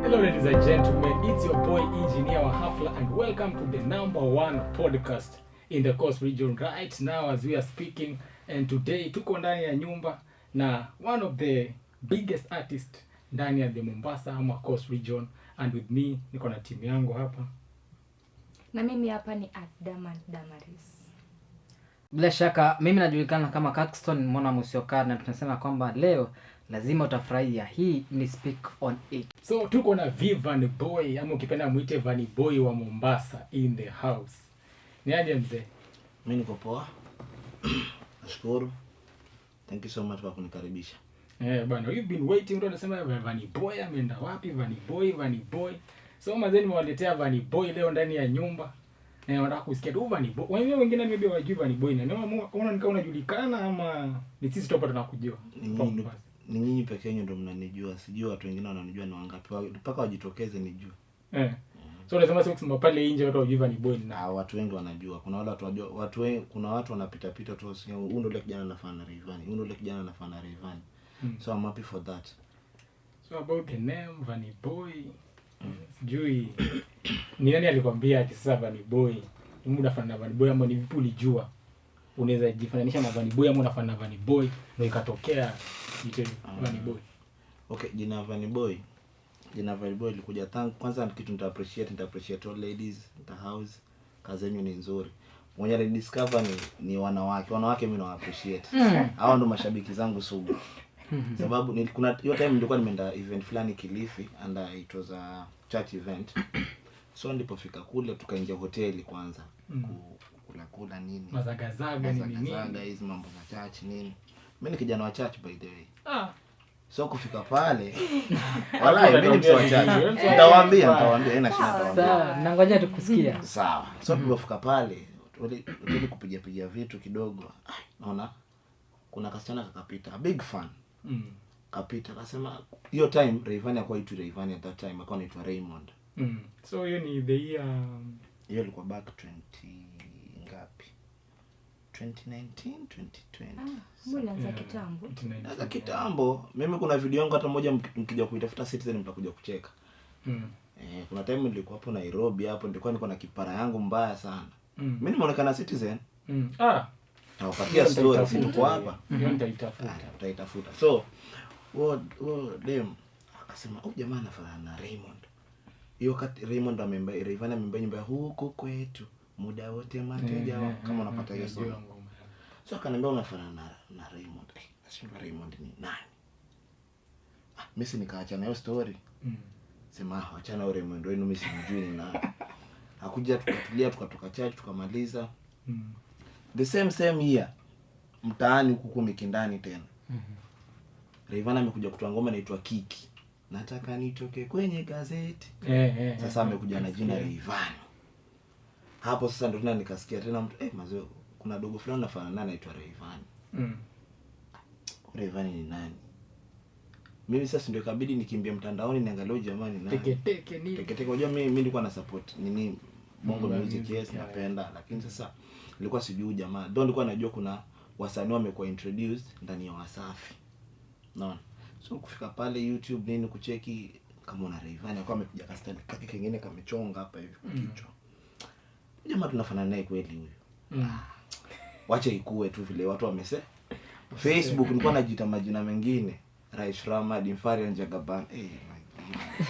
Hello ladies and gentlemen, it's your boy engineer wa Hafla and welcome to the number one podcast in the Coast region right now as we are speaking and today tuko ndani ya nyumba na one of the biggest artist ndani ya the Mombasa ama Coast region and with me niko na timu yangu hapa na mimi hapa ni Adaman Damaris. Bila shaka mimi najulikana kama Caxton Mwana Musyoka na tunasema kwamba leo lazima utafurahia. Hii ni Speak on It. So tuko na Vivan Boy ama ukipenda mwite Van Boy wa Mombasa in the house. Ni aje mzee? Mimi niko poa. Nashukuru. Thank you so much kwa kunikaribisha. Eh, bwana, you've been waiting. Mtu anasema Van Boy ameenda wapi? Van Boy, Van Boy. So mazeni nimewaletea Van Boy leo ndani ya nyumba eh, wanataka kusikia tu Vanny Boy. Wengine wengine ni maybe wa Vanny Boy na ndio unaona nikaa unajulikana ama ni sisi tupo tunakujua. Ni nyinyi pekee yenu ndio mnanijua. Sijui watu wengine wananijua ni wangapi. Mpaka wajitokeze nijue. Eh. eh. So unasema sio kusema pale nje watu wajui Vanny Boy na ah, watu wengi wanajua. Kuna wale watu wajua, watu wengi kuna watu wanapita pita tu sio huyu ndio kijana anafanya na Rayvanny. Huyu ndio kijana anafanya na Rayvanny. Hmm. So I'm happy for that. So about the name Vanny Boy Sijui ni nani alikwambia ati sasa Vanny Boy mimi unafanana na Boy ama ni vipi ulijua? Unaweza jifananisha na Vanny Boy ama unafanana na Vanny Boy na ikatokea ite uh, ah. Boy. Okay, jina Vanny Boy. Jina Vanny Boy ilikuja tangu kwanza kitu nita appreciate, nita appreciate all ladies, the house. Kazi yenu ni nzuri. Mwenye alidiscover ni, ni wanawake. Wanawake mimi na appreciate. hawa hmm. ndo mashabiki zangu sugu. Mhm. sababu kuna hiyo time nilikuwa nimeenda event fulani Kilifi and uh, it was a church event so nilipofika kule tukaingia hoteli kwanza mm. kula kula nini mazagazaga nini mazagazaga hizi mambo za church nini mimi ni kijana wa church by the way ah so kufika pale walai mimi ni wachache eh. nitawaambia nitawaambia haina shida nitawaambia nangoja tukusikia sawa so mhm. tulipofika pale tuli kupiga piga vitu kidogo naona kuna kasichana kakapita big fan Mm. kapita akasema hiyo time Rayvanny akuwa itu Rayvanny at that time akuwa anaitwa Raymond mm. so hiyo ni the year um, hiyo ilikuwa back 20 ngapi 2019 2020 ah, kitambo ah, kitambo mimi kuna video yangu hata moja mkija kuitafuta Citizen mtakuja kucheka mm. e, kuna time nilikuwa hapo Nairobi hapo nilikuwa niko na kipara yangu mbaya sana mm. mimi nimeonekana Citizen mm. ah nawapatia story si kwa hapa, utaitafuta. Ah, so wo dem akasema huyu oh, jamaa anafanana na Raymond. Hiyo wakati Raymond amemba Rayvanny amemba nyumba huko kwetu muda wote mateja mm, wao, mm, kama mm, unapata hiyo story. So akaniambia unafanana na, na Raymond. Eh, nasema Raymond ni nani? Ah, mimi nikaacha na hiyo story. Mm. Sema ah, achana na Raymond wenu, mimi simjui na nani. Hakuja tukatulia tukatoka chaji tukamaliza. Mm the same same year mtaani huku Mikindani tena mm -hmm. Rayvanny amekuja kutoa ngoma inaitwa Kiki, nataka nitoke kwenye gazeti eh, eh, eh. sasa amekuja eh, na jina Rayvanny hapo sasa ndo tena nikasikia tena mtu eh, mazoe kuna dogo fulani nafanana anaitwa Rayvanny mm. Rayvanny ni nani? Mimi sasa ndio ikabidi nikimbia mtandaoni niangalie jamani na Teke teke nini? Teke teke unajua mimi mimi nilikuwa na support nini Bongo mm, Music yes napenda lakini sasa nilikuwa sijui jamaa though, nilikuwa najua kuna wasanii wamekuwa introduced ndani ya Wasafi, naona So kufika pale YouTube nini kucheki kama una raivani akawa amekuja kastani kaki kingine kamechonga hapa hivi mm. kichwa jamaa tunafanana naye kweli huyu mm. Ah, wacha ikuwe tu vile watu wamese Facebook nilikuwa najita majina mengine Raish ramad mfari anjagaban hey, eh,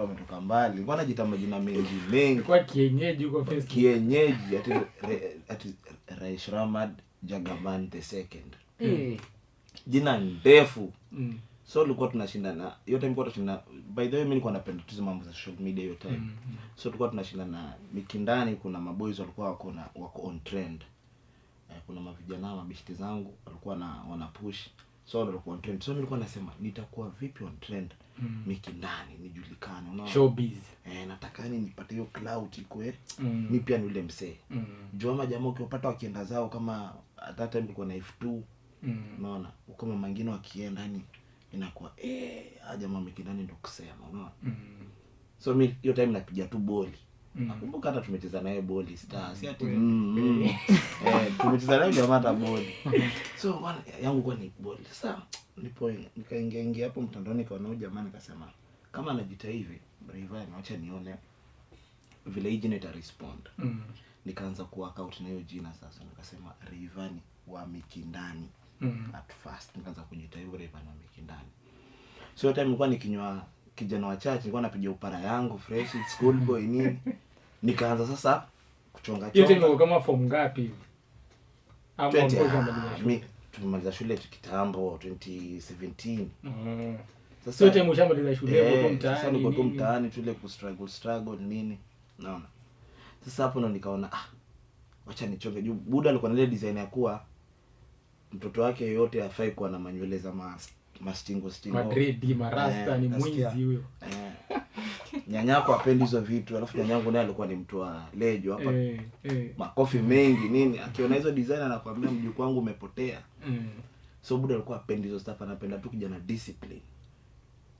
watu wametoka mbali, mbona jita majina mengi mengi kwa kienyeji huko Facebook, kienyeji ati re, ati Rais Ramad Jagaban the second mm. jina ndefu mm. so tulikuwa tunashinda na hiyo time kwa tunashinda, by the way mimi nilikuwa napenda tuzo mambo za social media hiyo time mm. so tulikuwa tunashinda na Mikindani, kuna maboys walikuwa wako na wako on trend eh, kuna mavijana na mabishti zangu walikuwa na wana push so walikuwa on trend, so nilikuwa nasema nitakuwa vipi on trend mm. mikindani nijulikane unaona showbiz eh, nataka yani nipate hiyo clout ikwe mm. mi pia ni ule msee mm. juu ama jamaa ukiwapata wakienda zao kama at that time kulikuwa na F2 mm. unaona uko mama wengine wakienda ni inakuwa eh jamaa mikindani ndo kusema unaona mm. so mi hiyo time napiga tu boli Mm. Nakumbuka hata tumecheza naye boli star, si mm, ati mm, mm. eh, tumecheza naye jamaa hata boli. So yangu kwa ni boli. Sasa nipo nikaingia ingia hapo mtandaoni nikaona huyu jamaa, nikasema kama anajiita hivi Rayvanny, acha nione vile hii jina ita respond mm. Nikaanza ku account na hiyo jina sasa, nikasema Rayvanny wa Mikindani mm. At first nikaanza kujiita hivyo Rayvanny wa Mikindani, so hata nilikuwa nikinywa kijana wa chache, nilikuwa napiga upara yangu fresh school boy nini, nikaanza sasa kuchonga chonga. Yote ni kama form ngapi hivi? Ama tumemaliza shule kitambo 2017. Mm. Sasa yote mshamaliza shule hapo eh, mtaani. Sasa niko tu mtaani tule ku struggle struggle nini? Naona. Sasa hapo ndo nikaona ah, wacha nichoke juu Buda alikuwa na ile design ya kuwa mtoto wake yote afai kuwa na manywele za mastingo stingo. Madrid, marasta eh, ni mwizi huyo. Eh nyanyako apendi hizo vitu, alafu nyanyangu naye alikuwa ni mtu wa lejo hapa eh, eh, makofi mengi nini, akiona hizo design anakuambia mjukuu wangu umepotea mm. So buda alikuwa apendi hizo stuff, anapenda tu kijana discipline.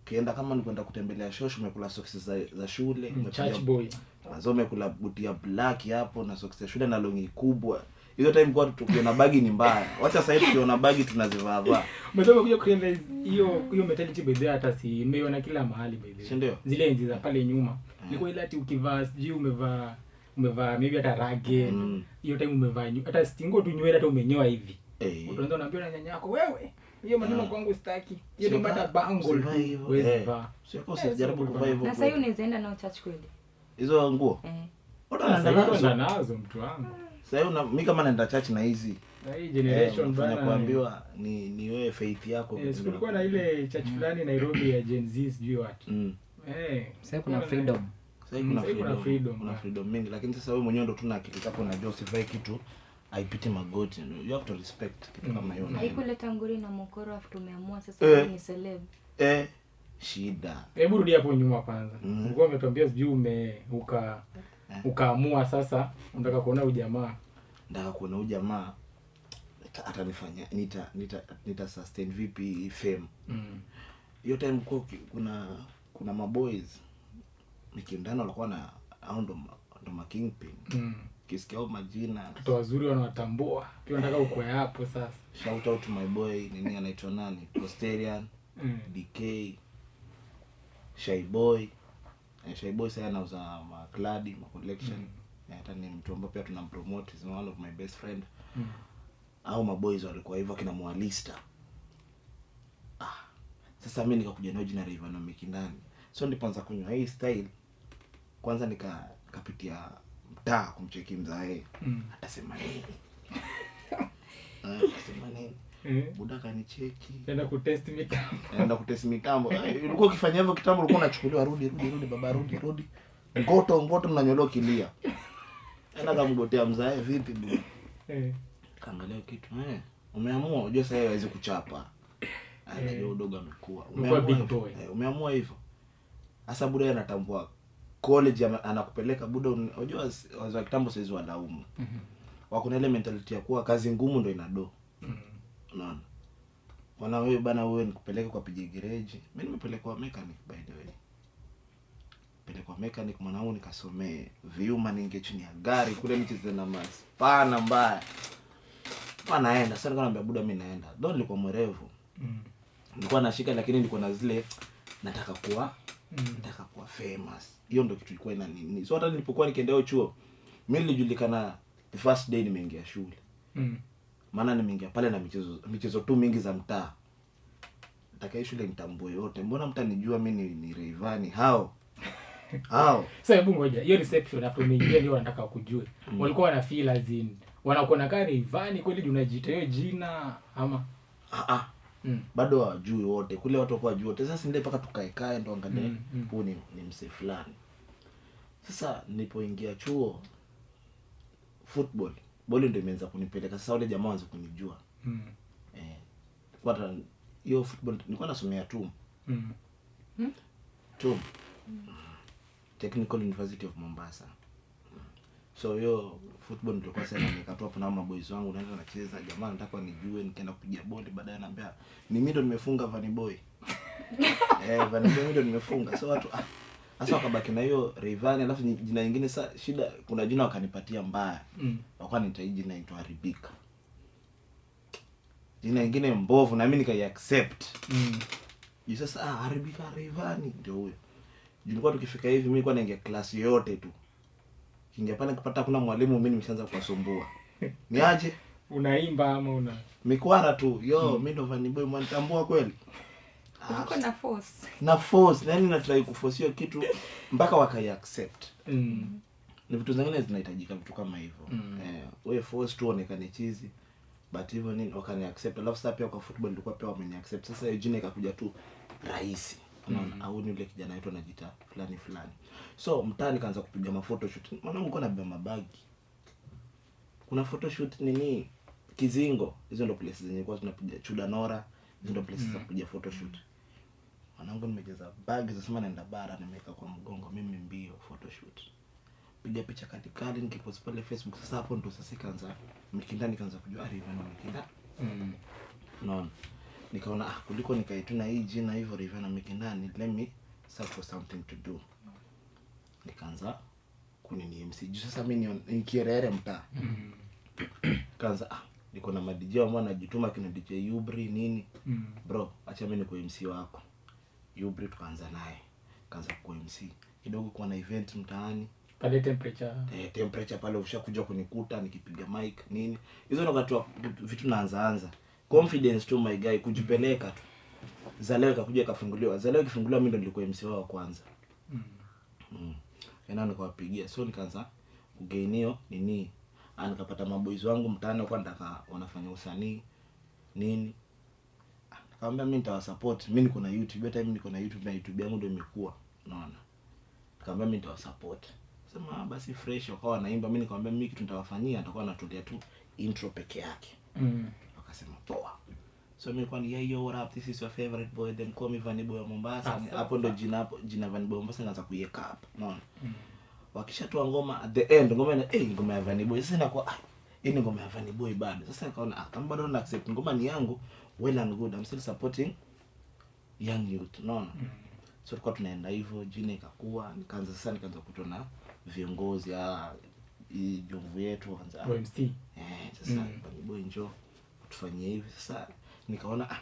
kienda kama ni kwenda kutembelea shosh, umekula socks za, za shule, mm, church boy, nazo umekula butia black hapo na socks ya shule na longi kubwa hiyo time kwa tukiona bagi ni mbaya. Wacha sasa hivi tukiona bagi tunazivaa vaa. kuja kurealize hiyo hiyo mentality by the hata si imeiona kila mahali by the. Ndio. Zile enzi za pale nyuma. Eh. Ilikuwa ile ati ukivaa sijui umevaa umevaa maybe hata rage. Mm. Hiyo time umevaa hata stingo tu nywele hata umenyoa hivi. Eh. Utaanza unaambia na nyanya yako wewe. Hiyo ah. maneno kwangu sitaki. Hiyo ni mata bango Wewe ba Sio kwa eh. sababu jaribu kuvaa hivyo. Na sasa hiyo unaenda nao church kweli. Hizo nguo. Eh. Unaenda nazo mtu wangu. Sasa mimi kama naenda church na hizi na hii generation eh, bana kuambiwa eh. ni ni wewe faith yako. Yes, eh, kulikuwa na ile church mm. fulani mm. Nairobi ya Gen Z sijui watu. Mm. Eh, sasa kuna freedom. Sasa mm, kuna freedom. kuna freedom kuna freedom mingi lakini sasa wewe mwenyewe ndo tuna akili kapo na Joseph hai kitu aipite magoti. You have to respect kitu mm. kama hiyo. Haikuleta nguri na mokoro afu tumeamua sasa eh, ni celeb. Eh, shida. Hebu rudi hapo nyuma kwanza. Mm. Ulikuwa umetuambia sijui ume uka eh. ukaamua sasa unataka kuona ujamaa, nataka kuona ujamaa atanifanya nita nita nita sustain vipi fame mm. hiyo mm. time kwa kuna kuna maboys nikiundana walikuwa na au ndo ndo ma kingpin mm. Kisikia majina watoto wazuri wanawatambua pia, nataka ukwe hapo sasa. Shout out to my boy nini anaitwa nani Posterian mm. DK Shy boy eh, Shyboy anauza ma cladi ma collection mm hata ni mtu ambao pia tunampromote is one of my best friend mm au maboys walikuwa hivyo kina Mwalista ah sasa mi nikakuja na original Ivanomic ndani so ndipo kunywa hii style kwanza nika nikapitia mtaa kumcheki mzae mm. atasema nini ah, atasema nini Eh. buda kanicheki ni kutest mitambo. Eh, ulikuwa ukifanya hivyo kitambo ulikuwa unachukuliwa rudi rudi rudi baba rudi rudi. Ngoto ngoto mnanyolea kilia. kamgotea mzae vipi eh. Kaangalia kitu. Eh. Umeamua kuchapa. Anajua ah, udogo Umeamua. hivyo. buda anatambua college anakupeleka buda, wa kitambo saizi wanaume. Mm ile mentality ya kuwa kazi ngumu ndo inado. Mm -hmm. Unaona? Ona wewe bana, wewe nikupeleke kwa pige gereji. Mimi nimepelekwa mechanic by the way. Pelekwa mechanic mwanangu, nikasomee vyuma, ninge chini ya gari kule, nicheze na maspana mbaya. Bana naenda sasa, nilikuwa naambia buda, mimi naenda. Ndio nilikuwa mwerevu. Mm. Nilikuwa nashika lakini nilikuwa na zile nataka kuwa mm. nataka kuwa famous. Hiyo ndio kitu ilikuwa ina nini. So hata nilipokuwa nikiendea chuo, mimi nilijulikana the first day nimeingia shule. Mm maana nimeingia pale na michezo michezo tu mingi za mtaa. Nataka shule nitambue yote. Mbona mtanijua mimi ni, ni Rayvanny hao? Hao. Sasa hebu ngoja. Hiyo reception hapo umeingia ndio wanataka kujue. Mm. Walikuwa wana feel as in wanakuona kama Rayvanny kweli unajiita hiyo jina ama ah ah. Mm. Bado wajui wote. Kule watu wako juu wote. Sasa ndio mpaka tukae kae ndo angalie mm, mm. Huu ni, ni mse fulani. Sasa nilipoingia chuo football boli ndio imeanza kunipeleka sasa, wale jamaa waanze kunijua mm. Eh, kwa hiyo football nilikuwa nasomea tu hmm. mm. tu hmm. Technical University of Mombasa. So hiyo football nilikuwa sasa nikatoa hapo na maboys wangu naenda nacheza, jamaa nataka nijue nikaenda kupiga boli, baadaye anaambia ni mimi ndo nimefunga Vanny Boy eh, Vanny Boy ndo nimefunga, so watu ah sasa wakabaki na hiyo Rayvanny, alafu jina lingine sasa shida, kuna jina wakanipatia mbaya. Mm. Wakawa nitaiji jina inaitwa Haribika. Jina lingine mbovu na mimi nikai accept. Mm. Juu sasa ah, Haribika Rayvanny ndio huyo. Jilikuwa tukifika hivi mimi nilikuwa naingia klasi yote tu. pale kupata kuna mwalimu mimi nimeshaanza kuwasumbua. Niaje? Unaimba ama una? Mikwara tu. Yo, mm. mimi ndo Vanny mwanitambua kweli. Ah, na force. Na force, yani nafurahi kuforsiwa kitu mpaka wakai accept. Mm. Ni vitu zingine zinahitajika vitu kama hivyo. Mm. Eh, wewe force tu onekane chizi. But hivyo nini wakani accept. Alafu sasa pia kwa football nilikuwa pia wameni accept. Sasa Eugene ikakuja tu rahisi. Unaona, mm. au ni yule kijana wetu anajiita fulani fulani. So mtaani kaanza kupiga mafotoshoot. Mwanangu uko nabeba mabagi. Kuna photo shoot nini? Kizingo. Hizo ndio places zenye kwa tunapiga Chudanora. Hizo ndo places za mm. kupiga photoshoot. Mm. Mwanangu, nimejaza bagi zasema naenda bara, nimeweka kwa mgongo, mimi mbio photoshoot, piga picha katikati, nikipost pale Facebook. Sasa hapo ndo sasa ikaanza Mkinda, nikaanza kujua Rayvanny mikinda mm. unaona, nikaona ah, kuliko nikaituna hii jina hivyo Rayvanny mikinda ni let me search for something to do, nikaanza kunini MC juu sasa mimi ni kierere mtaa mm. kaanza ah niko na madijio ambao najituma kina DJ Ubri nini mm. Bro, acha mimi niko MC wako Yubri tukaanza naye, kaanza kwa MC kidogo, kuwa na event mtaani pale temperature eh, temperature pale ushakuja kunikuta nikipiga mic nini, hizo ndo wakati vitu naanza anza confidence tu, my guy, kujipeleka tu. Zaleo kakuja kafunguliwa, Zaleo kifunguliwa, mimi ndo nilikuwa MC wao wa kwanza mm. mm. Ena nikawapigia, so nikaanza kugeinio nini, ah, nikapata maboys wangu mtaani, kwa nataka wanafanya usanii nini Akamwambia mimi nitawasupport. Mimi niko na YouTube, hata mimi niko na YouTube na YouTube yangu ndio imekuwa. Unaona? Akamwambia mimi nitawasupport. Sema ah, basi fresh, wakawa wanaimba. Mimi nikamwambia mimi kitu nitawafanyia, atakuwa anatulia tu intro peke yake. Mm. wakasema poa. So mimi kwani yeah, yo what up, this is your favorite boy, then call me Vaniboy wa Mombasa. Ah, hapo ndo jina hapo jina Vaniboy wa Mombasa naanza kuiweka hapo. Unaona? Mm. Wakishatoa ngoma at the end, ngoma ina eh, ngoma ya Vaniboy sasa inakuwa ah, hii ni ngoma ya Vanny Boy bado. Sasa nikaona ah, kama bado na accept ngoma ni yangu, well and good, I'm still supporting young youth, unaona mm. So tulikuwa tunaenda hivyo, jina ikakua, nikaanza sasa, nikaanza kutona viongozi ah, jomvu yetu kwanza OMC eh, sasa mm. Vanny Boy njoo tufanyie hivi. Sasa nikaona ah,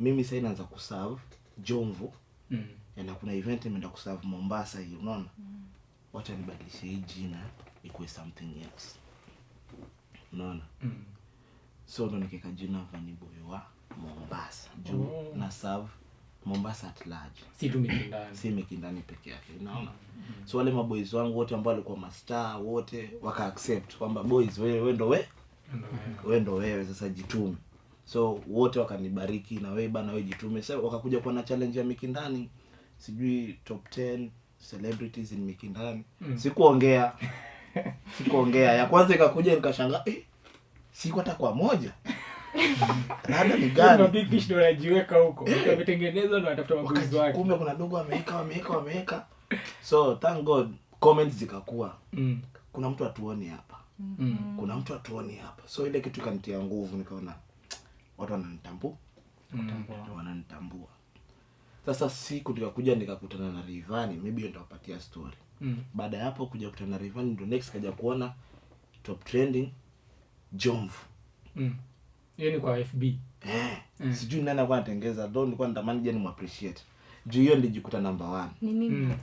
mimi sasa inaanza kuserve Jomvu mm. Eh, na kuna event imeenda kuserve Mombasa hii, unaona mm. wacha nibadilishe hii jina ikuwe something else unaona mm. so ndo nikeka jina Vaniboy wa Mombasa juu oh. na serve Mombasa at large, si tu Mikindani, si Mikindani peke yake, unaona mm. so wale maboys wangu wote ambao walikuwa mastaa wote waka accept kwamba boys, wewe wewe ndo we wewe ndo wewe, sasa jitume. So wote wakanibariki, na wewe bana, wewe jitume. Sasa wakakuja kuwa na challenge ya Mikindani, sijui top 10 celebrities in Mikindani mm. sikuongea sikuongea. Ya kwanza ikakuja nikashanga eh, siku hata kwa moja rada ni huko eh. na wake, kumbe kuna dogo ameweka wameweka wameweka. So thank God comments zikakuwa mm. kuna mtu atuoni hapa mm. kuna mtu atuoni hapa, so ile kitu ikanitia nguvu, nikaona watu mm. wananitambua. Sasa siku nikakuja nikakutana na maybe story mm. Baada ya hapo kuja kutana rival ndo next kaja kuona top trending Jomvu mm. ni kwa FB eh, mm. Sijui nani alikuwa anatengeza do nilikuwa natamani je ni juu hiyo ndijikuta namba 1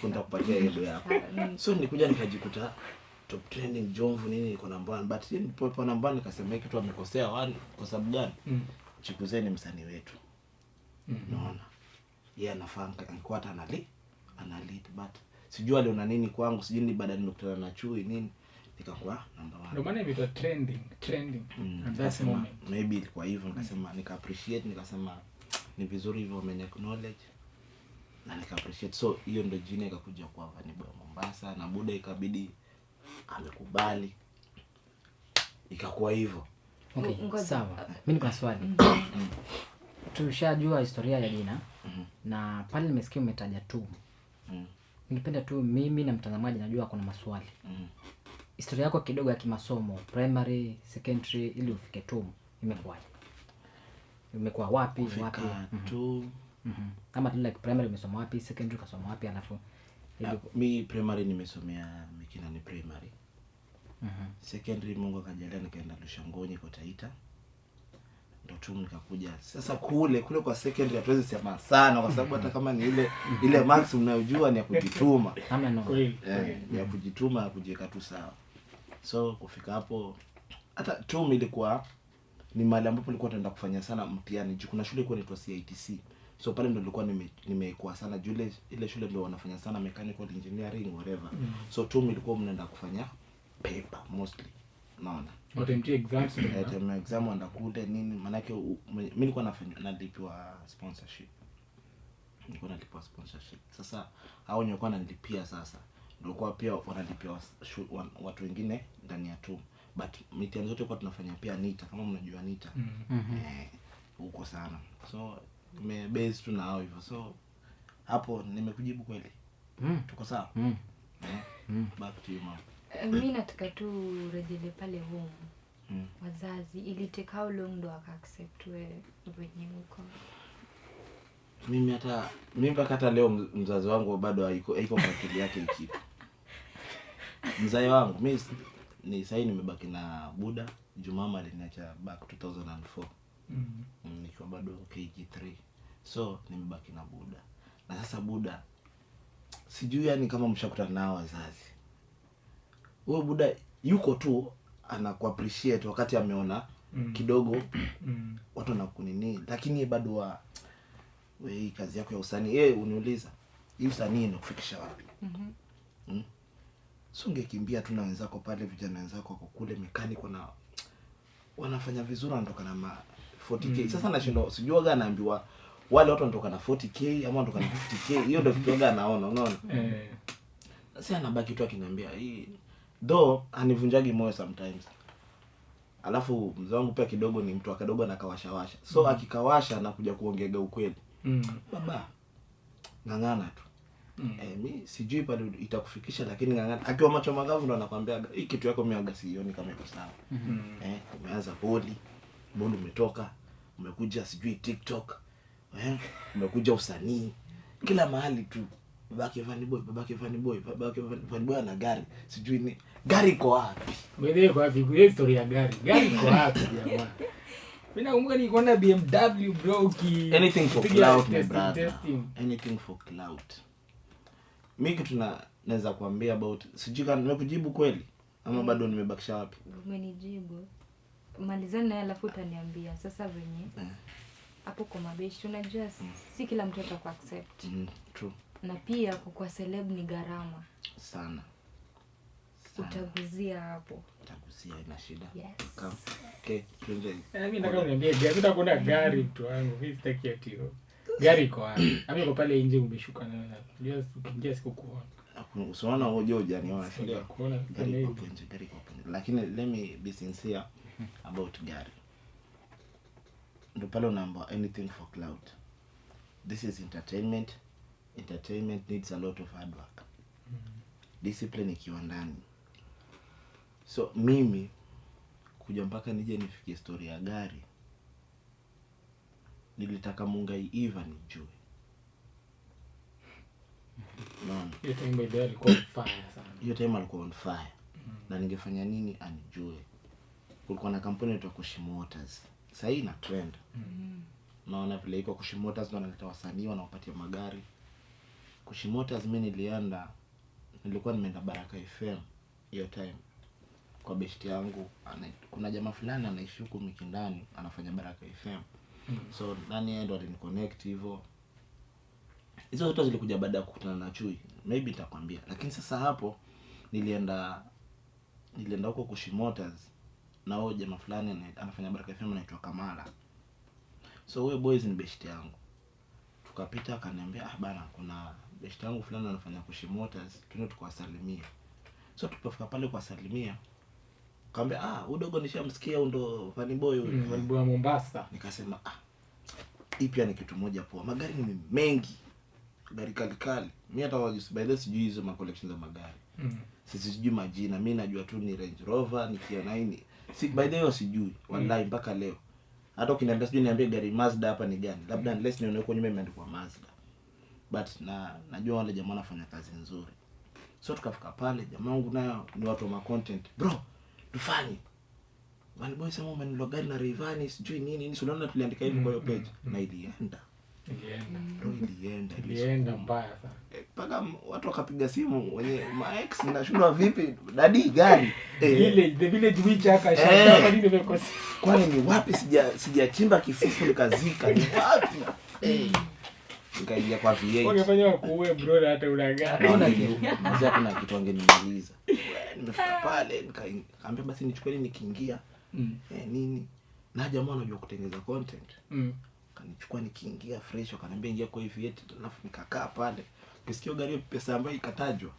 nitakupatia yako so nikajikuta top trending Jomvu nini but nikasema amekosea wani kwa sababu gani mm. msanii wetu mm -hmm. Naona yeye yeah, anafaa alikuwa hata anali analit but sijui aliona nini kwangu, sijui ni baada nimekutana na chui nini nikakuwa namba 1. Ndio maana imeitwa trending trending mm, at that moment maybe ilikuwa hivyo mm. nikasema, mm. nika appreciate nikasema ni vizuri hivyo umen acknowledge na nika appreciate. So hiyo ndio jina ikakuja kwa Vanibu ya Mombasa na Buda ikabidi amekubali ikakuwa hivyo. Okay, sawa. Mm. Mimi niko na swali. Mm. Tushajua historia ya jina. Mhm. na pale nimesikia umetaja tu mm ningependa tu mimi na mtazamaji najua kuna maswali mm historia yako kidogo ya kimasomo primary secondary ili ufike tu imekuwaje umekuwa wapi wapi mm -hmm. tu mm -hmm. like primary umesoma wapi secondary ukasoma wapi alafu ah, mi primary nimesomea Mikinani primary mm -hmm. secondary Mungu akajalia nikaenda Lushangoni kwa Taita ndo nikakuja sasa kule kule kwa secondary hatuwezi sema sana kwa sababu hata kama ni ile ile marks mnayojua ni ya kujituma kama no eh, ya kujituma ya kujiweka tu sawa so kufika hapo hata tu ilikuwa ni mahali ambapo nilikuwa naenda kufanya sana mtihani juu kuna shule ilikuwa inaitwa CITC so pale ndo nilikuwa nimekuwa nime sana juu ile shule ndio wanafanya sana mechanical engineering whatever mm. so tu ilikuwa mnaenda kufanya paper mostly naona watemtie exams eh, eh? tem exam wanda kule nini, maanake mimi nilikuwa nafanya nalipiwa sponsorship, nilikuwa nalipiwa sponsorship. Sasa hao wenye walikuwa wananilipia sasa nilikuwa pia wanalipia watu wengine ndani ya tu, but mitihani zote kwa tunafanya pia NITA, kama mnajua NITA mm -hmm. eh, huko sana so nimebase tu na hao hivyo, so hapo nimekujibu kweli. mm. tuko sawa mm. eh, mm. back to you mama. Eh, mi nataka tu urejele pale home mm. wazazi ili take how long uko mimi hata mimi mpaka hata leo mzazi wangu bado haiko haiko kwa akili yake ikipo mzazi wangu mi ni sahii nimebaki na buda jumama aliniacha back 2004 mm-hmm. mm -hmm. nikiwa bado kg3 so nimebaki na buda na sasa buda sijui yani kama mshakutana nao wazazi huyo buda yuko tu anaku appreciate wakati ameona mm. kidogo mm. watu wanakunini, lakini yeye bado wa hii kazi yako ya usanii yeye eh, uniuliza hii usanii inakufikisha wapi? Mhm. mm -hmm. mm? so ungekimbia tu na wenzako pale, vijana wenzako wako kule mekani kuna wanafanya vizuri, wanatoka na ma 40k mm. Sasa nashindo sijuaga, anaambiwa wale watu wanatoka na 40k ama wanatoka na 50k hiyo ndio vitu anaona, unaona eh, sasa anabaki tu akiniambia hii do anivunjagi moyo sometimes. Alafu mzee wangu pia kidogo ni mtu akadogo anakawashawasha, so mm. akikawasha na kuja kuongega ukweli mm. baba, ng'ang'ana tu mm. E, mi sijui pale itakufikisha, lakini ng'ang'ana. Akiwa macho magavu ndo anakwambia hii kitu yako mimi aga sioni kama iko sawa mm -hmm. eh, umeanza boli boli, umetoka umekuja sijui TikTok eh, umekuja usanii kila mahali tu babake Vanboy, babake Vanboy, babake Vanboy ana gari, sijui ni gari iko wapi? Mwenyewe kwa wapi? Hiyo story ya gari, gari iko wapi jamaa? Mimi nakumbuka nilikuwa na BMW bro ki anything for cloud my brother, anything for cloud Mimi kitu na naweza kuambia about sijui kama nimekujibu kweli ama mm. bado nimebakisha wapi? Umenijibu. Malizani naye alafu utaniambia sasa venye eh. hapo kwa mabeshi, unajua mm. si kila mtu atakuaccept. Mm, true na pia kukuwa celeb ni gharama sana, Utaguzia hapo, utaguzia ina shida. Eh, mimi nataka uniambie gari, nataka kuona gari mtu wangu, mimi sitaki ati gari iko wapi? Hapo iko pale nje, umeshuka na unajua, ukiingia siku kuona usiona hoja hoja ni wana shida kuona gari nje, gari iko pale, lakini let me be sincere mhm. about gari, ndio pale unaomba anything for cloud, this is entertainment entertainment needs a lot of hard work mm -hmm. discipline ikiwa ndani so mimi kuja mpaka nije nifikie story ya gari nilitaka Mungai Eva nijue hiyo time alikuwa on fire mm. na ningefanya nini anijue. Kulikuwa na kampuni inaitwa Kushi Motors, sahii na trend mm -hmm. naona vile iko Kushi Motors, ndo analeta wasanii wanaopatia magari Kushimoto azmi nilienda, nilikuwa nimeenda Baraka FM hiyo time kwa beshti yangu ana, kuna jamaa fulani anaishi huku Mikindani anafanya Baraka FM mm. Mm-hmm. so nani yeye ndo alinconnect hivyo. Hizo zote zilikuja baada ya kukutana na Chui, maybe nitakwambia. Lakini sasa hapo nilienda nilienda huko Kushimotas na huyo jamaa fulani anafanya Baraka FM anaitwa Kamala. So huyo boys ni beshti yangu, tukapita akaniambia, ah bana, kuna beshte wangu fulani anafanya Kushi Motors, tuende tukawasalimia. So tupofika pale kuwasalimia, kaambia ah, udogo nishamsikia ndo Fani Boy huyo mm, wa Mombasa. Nikasema ah, hii pia ni kitu moja poa. Magari ni mengi, gari kali kali. Mimi hata wajisi by sijui hizo ma collection za magari mm. Sisi sijui majina, mimi najua tu ni Range Rover, ni Kia naini Si by the way sijui wallahi mm. mpaka leo. Hata ukiniambia sijui niambie gari Mazda hapa ni gani, labda unless nione huko nyuma imeandikwa Mazda but na najua wale jamaa wanafanya kazi nzuri, so tukafika pale, jamaa wangu nayo ni watu wa content, bro tufanye wale boys sema umenilogari na rivani sijui nini ni sulana tuliandika hivi kwa hiyo mm, mm, page mm. na ilienda ilienda ilienda ilienda eh, mpaka watu wakapiga simu wenye ma nashindwa vipi dadi gari eh. eh. kwani ni wapi? Sija sijachimba kifufu nikazika, ni wapi eh nikaingia kwa v Ungefanya kuue bro hata ulaga. Mzee kuna kitu angeniuliza. Nimefika pale nikaambia basi nichukue nini nikiingia. Mm. Eh, nini? Na jamaa anajua kutengeneza content. Mm. Kanichukua nikiingia fresh akaniambia ingia kwa v alafu nikakaa pale. Kisikia gari pesa ambayo ikatajwa.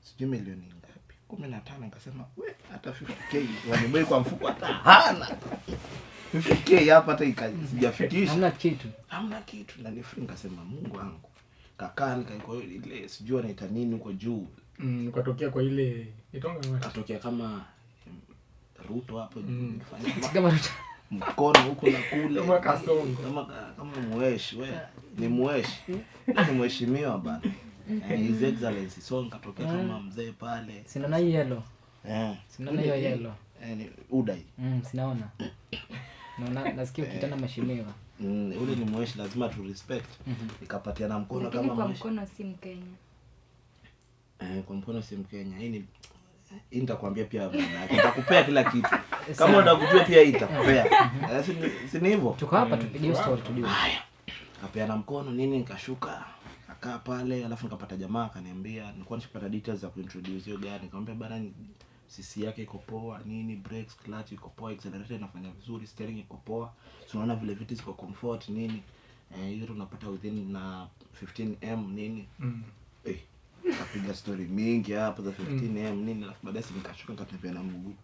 Sijui milioni ngapi. 15 nikasema we hata 50k kwa mfuko hata hana nifikie hapa hata sijafikisha. Hamna kitu. Hamna kitu. Na ni nifu nikasema Mungu wangu. Kakaa nika nikaiko ile sijua naita nini huko juu. Mm, ukatokea kwa ile itonga ngati Katokea kama Ruto hapo mm. Kama Ruto. Mkono huko na kule. Kama kasongo. Kama kama mweshi wewe. Ni mweshi. Ni mheshimiwa bana. Eh, His Excellency so nikatokea mm. kama mzee pale. Sina na yellow. Eh. Sina na yellow. Eh, udai. Mm, sinaona. nasikia ukitana eh. mheshimiwa mm, ule ni mweshi lazima tu respect mhm. nikapatia na mkono kama kwa mkono si Mkenya. Eh, kwa mkono si Mkenya. Hii ni hii nitakwambia pia Nitakupea kila kitu. Kama unakujua pia hii eh, si ni- hivyo? Tuko hapa mm. tupige story tujue. Haya. Nikapeana mkono nini nikashuka. Akaa pale alafu nikapata jamaa akaniambia nilikuwa nishapata details za kuintroduce hiyo gari. Nikamwambia bana sisi yake iko poa, nini brakes, clutch iko poa, accelerator inafanya vizuri, steering iko poa, tunaona vile vitu ziko comfort nini eh, hiyo tunapata within na 15m nini mm. eh, kapiga story mingi hapo za 15m mm. nini, alafu baadaye nikashuka nikatembea na mguu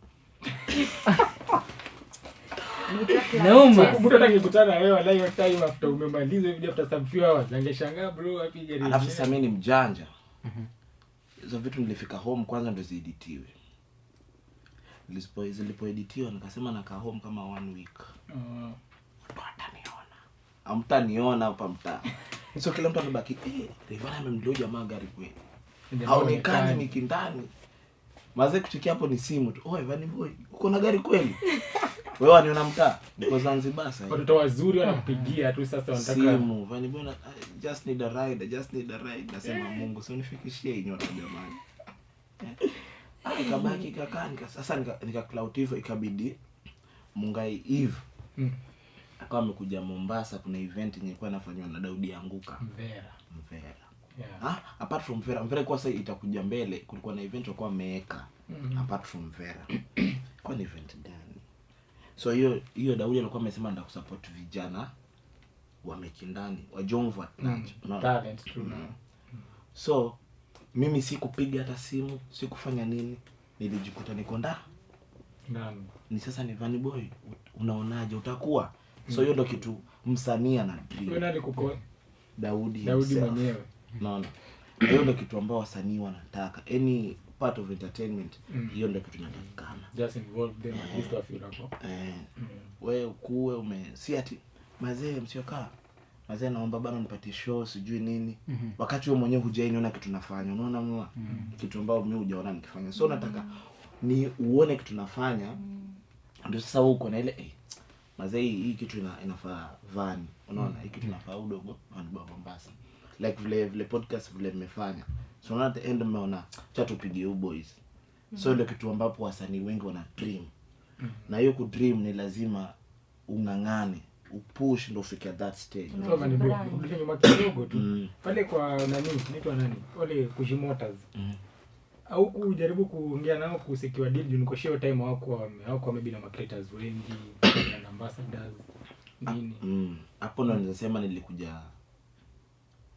Mtu atakikutana wewe walai wa time after umemaliza hivi after some few hours angeshangaa bro, wapi gari. Alafu sasa mimi ni mjanja. Mhm. Hizo vitu nilifika home kwanza ndio ziiditiwe zilipoeditiwa nikasema na kahom kama one week mm. Ataniona amtaniona hapa mtaa so kila mtu anabaki eh, Rayvanny amemlio jamaa gari kweli, haonekani nikindani maze kuchikia hapo ni simu tu. Oh, Rayvanny boy, uko na gari kweli? Wewe waniona mtaa kwa Zanzibar sasa. Watoto wazuri wanampigia tu sasa wanataka simu. Rayvanny boy, I ah, just need a ride, just need a ride. Nasema eh. Mungu, sio nifikishie inyo na jamani. ikabaki ikakaa nika, sasa nikaklaut nika hivyo ikabidi Mungai Eve mm. akawa amekuja Mombasa, kuna event yenye ilikuwa inafanywa na Daudi Anguka Mvera Mvera yeah. ha? Ah, apart from vera Mvera kwa sasa itakuja mbele, kulikuwa na event walikuwa wameweka mm -hmm. apart from vera kwa ni event gani? So hiyo hiyo Daudi alikuwa amesema ndio kusupport vijana wa mekindani wa Jomvu mm. no. talent true mm. Hmm. so mimi sikupiga hata simu, sikufanya nini, nilijikuta niko nda ndani. Ni sasa ni vani Boy, unaonaje utakuwa? So mm. hiyo ndo kitu msanii ana Daudi, Daudi mwenyewe naona hiyo ndo kitu ambao wasanii wanataka, any part of entertainment mm. hiyo mm. ndo kitu inatakikana, just involve them at least, eh, oh. eh. Mm. wewe ume si ati mazee msiokaa mazee, naomba bana nipatie show sijui nini mm -hmm. wakati wewe mwenyewe hujai niona kitu nafanya, unaona mwa mm -hmm. kitu ambao mimi hujaona nikifanya, so mhm. nataka ni uone kitu nafanya mm -hmm. ndio sasa uko na ile eh, mazee, hii hii kitu ina, inafaa van, unaona mm -hmm. hii kitu mhm. inafaa udogo van baba Mombasa, like vile vile podcast vile mmefanya, so unaona the end mmeona cha tupige u boys mm -hmm. so mhm. ndio kitu ambapo wasanii wengi wana dream mm -hmm. na hiyo ku dream ni lazima ung'ang'ane upush ndo ufike at that stage. Urudishe nyuma kidogo tu mm. pale kwa nani naitwa nani ole kujimotors mm. au kujaribu kuongea nao kusikiwa deal juu niko sure time wako wako maybe na marketers wengi na ambassadors ah, nini mm. hapo ndo nilisema nilikuja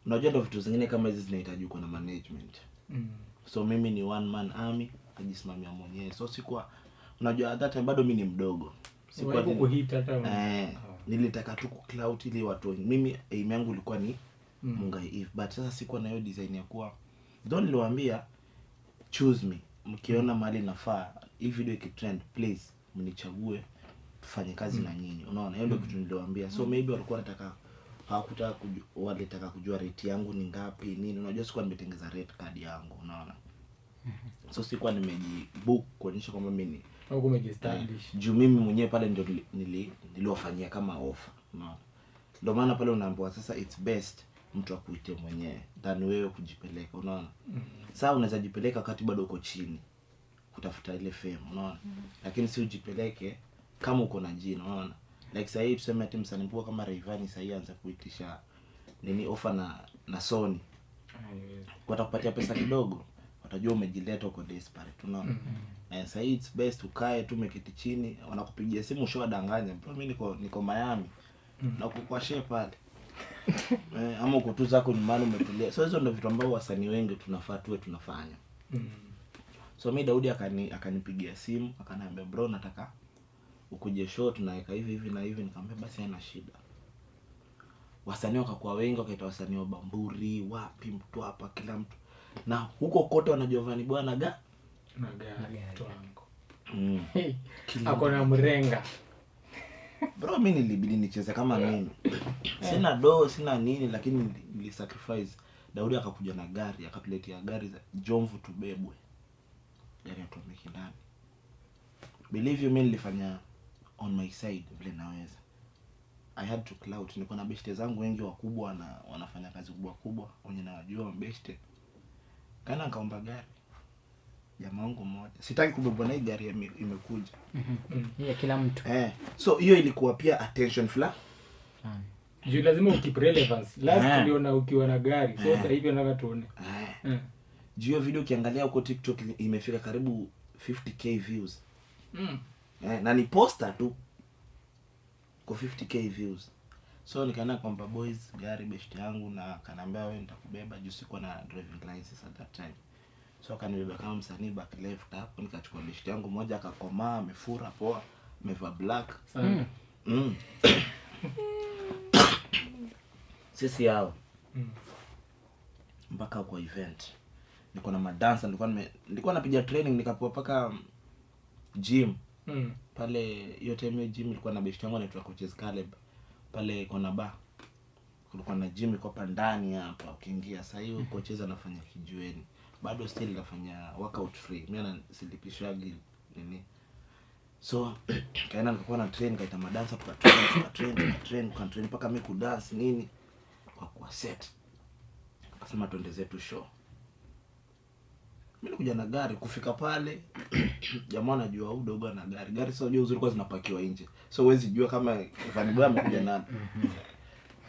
unajua ndo vitu zingine kama hizi zinahitaji uko na management mm. so mimi ni one man army najisimamia mwenyewe so sikuwa unajua hata bado mimi ni mdogo sikuwa hata eh nilitaka tu kuclout ili watu mimi aim yangu ilikuwa ni mm. Mungai Eve, but sasa sikuwa na hiyo design ya kuwa don, niliwambia choose me, mkiona mali mm. nafaa, hii video ikitrend, please mnichague tufanye kazi mm. na nyinyi. Unaona, hiyo ndio mm. kitu niliwambia so mm. maybe walikuwa wanataka hawakutaka kujua, walitaka kujua rate yangu ni ngapi nini. Unajua sikuwa nimetengeza rate card yangu, unaona mm-hmm. so sikuwa nimejibook kuonyesha kwamba mi ni juu mimi mwenyewe pale ndio nili kama ofa ndo Ndio maana pale unaambiwa sasa it's best mtu akuite mwenyewe than wewe kujipeleka, unaona? Mm -hmm. Sasa unaweza jipeleka wakati bado uko chini kutafuta ile fame, unaona? Mm -hmm. Lakini si ujipeleke kama uko na jina, unaona? Like sasa hivi tuseme ati msanii mkubwa kama raivani sasa hivi anza kuitisha nini ofa na na Sony. Ah, Watakupatia pesa kidogo, watajua umejileta uko desperate, unaona? Mm -hmm eh, sasa it's best ukae tu umeketi chini, wanakupigia simu ushawadanganya, bro, mimi niko niko Miami mm. na kukwashe pale eh, ama uko tu zako nyumbani umetulia. So hizo ndio vitu ambavyo wasanii wengi tunafaa tuwe tunafanya mm. So mi Daudi akani akanipigia simu akaniambia, bro, nataka ukuje show tunaweka hivi hivi na hivi. Nikamwambia basi haina shida. Wasanii wakakuwa wengi, wakaita wasanii wa Bamburi wapi mtu hapa kila mtu, na huko kote wanajua Vanny Bwana ga na gari mm. ako na mrenga bro mi nilibidi nicheze kama nini sina do sina nini lakini nilisacrifice daudi akakuja na gari akatuletea gari za jomvu tubebwe gari yaani atomeki ndani believe you mi nilifanya on my side vile naweza i had to clout nilikuwa na beshte zangu wengi wakubwa na wanafanya kazi kubwa kubwa wenye nawajua mabeshte kana nikaomba gari jamaa wangu mmoja, sitaki kubebwa na hii gari imekuja mhm. mm -hmm. yeah, kila mtu eh, so hiyo ilikuwa pia attention fla juu lazima ukip relevance last eh. tuliona ukiwa na gari so eh. sasa hivi nataka tuone eh. juu hiyo video ukiangalia huko TikTok imefika karibu 50k views mm. eh, na ni poster tu kwa 50k views so nikaenda kwamba boys, gari best yangu, na kanaambia wewe, nitakubeba juu sikuwa na driving license at that time so akanibeba kama msanii back left hapo, nikachukua beshti yangu moja, akakomaa amefura poa, ameva black mm. Mm. sisi hao mm. mpaka huko event niko na madansa, nilikuwa nime, nilikuwa napiga training nikapoa paka mm, gym mm. pale. Hiyo time hiyo gym ilikuwa na beshti yangu anaitwa Coaches Caleb pale kona ba kulikuwa na gym iko hapa ndani hapa, ukiingia sasa hiyo mm. kocha anafanya kijueni bado still nafanya workout free, mimi silipishagi nini. So kaenda nikakuwa na train, kaita madansa, tukatrain tukatrain tukatrain tukatrain mpaka mimi kudance nini kwa kuwa set. Akasema twende zetu show. Mimi nilikuja na gari kufika pale jamaa anajua huyu dogo ana gari. Gari sio jua uzuri kwa zinapakiwa nje. So huwezi jua kama Vanibaya amekuja nani. Mm-hmm.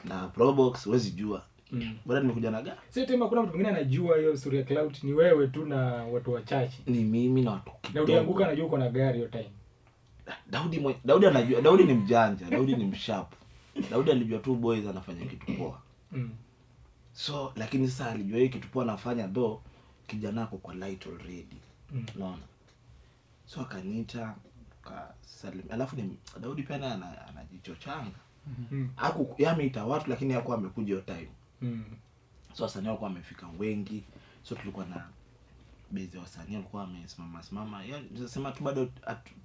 Na Probox huwezi jua mm. bado nimekuja na gari si tena. Kuna mtu mwingine anajua hiyo story ya cloud ni wewe tu na watu wachache, ni mimi na watu kidogo. Na ulianguka, anajua uko na gari hiyo time. Daudi mwe, Daudi anajua, Daudi ni mjanja, Daudi ni mshapu. Daudi alijua tu boys anafanya kitu poa mm. so lakini sasa alijua hiyo kitu poa anafanya do kijana ako kwa light already mm. unaona so akaniita kasalim, alafu ni Daudi pia naye anajichochanga mm -hmm. aku yameita watu lakini hakuwa amekuja hiyo time mm. so wasanii walikuwa wamefika wengi, so tulikuwa na bezi ya wasanii walikuwa wamesimama simama, sema tu bado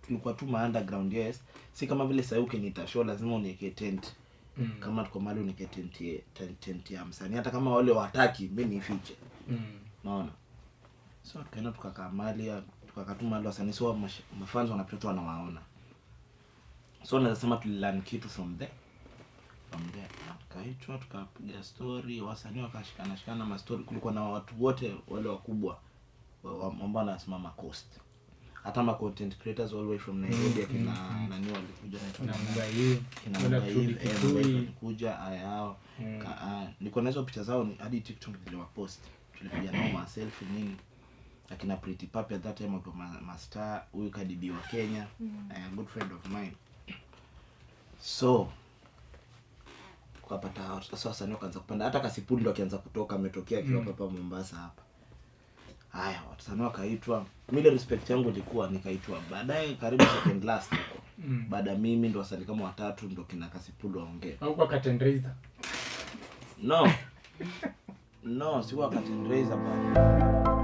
tulikuwa tu ma underground yes, si kama vile sasa ukiniita show lazima uniweke tent mm. kama tuko mali uniweke tent ye, tent, tent ya msanii, hata kama wale wataki mimi nifiche mm. naona so tukaenda tukakaa mahali tukakatuma wale wasanii, so mafans wanapita wanawaona, so naweza sema tulilan kitu from there tukaongea, tukaitwa, tukapiga stori, wasanii wakashikana shikana mastori. Kulikuwa na watu wote wale wakubwa ambao wanasimama coast, hata ma content creators all way from Nairobi akina mm, mm. nani walikuja, ayao. na hizo picha zao hadi TikTok tulipiga nao nini akina Pretty Papi at that time wakiwa mastar, huyu Kadibi wa Kenya, mm. good friend of mine so tukapata sasa wasanii wakaanza kupanda, hata Kasipul ndo akianza kutoka, ametokea akiwa mm. hapa mm. Mombasa hapa. Haya, wasanii wakaitwa, mimi respect yangu ilikuwa nikaitwa baadaye, karibu second last huko mm. baada mimi ndo wasanii kama watatu ndo kina Kasipul waongee au kwa katendreza no no, si wa Katendraiza bana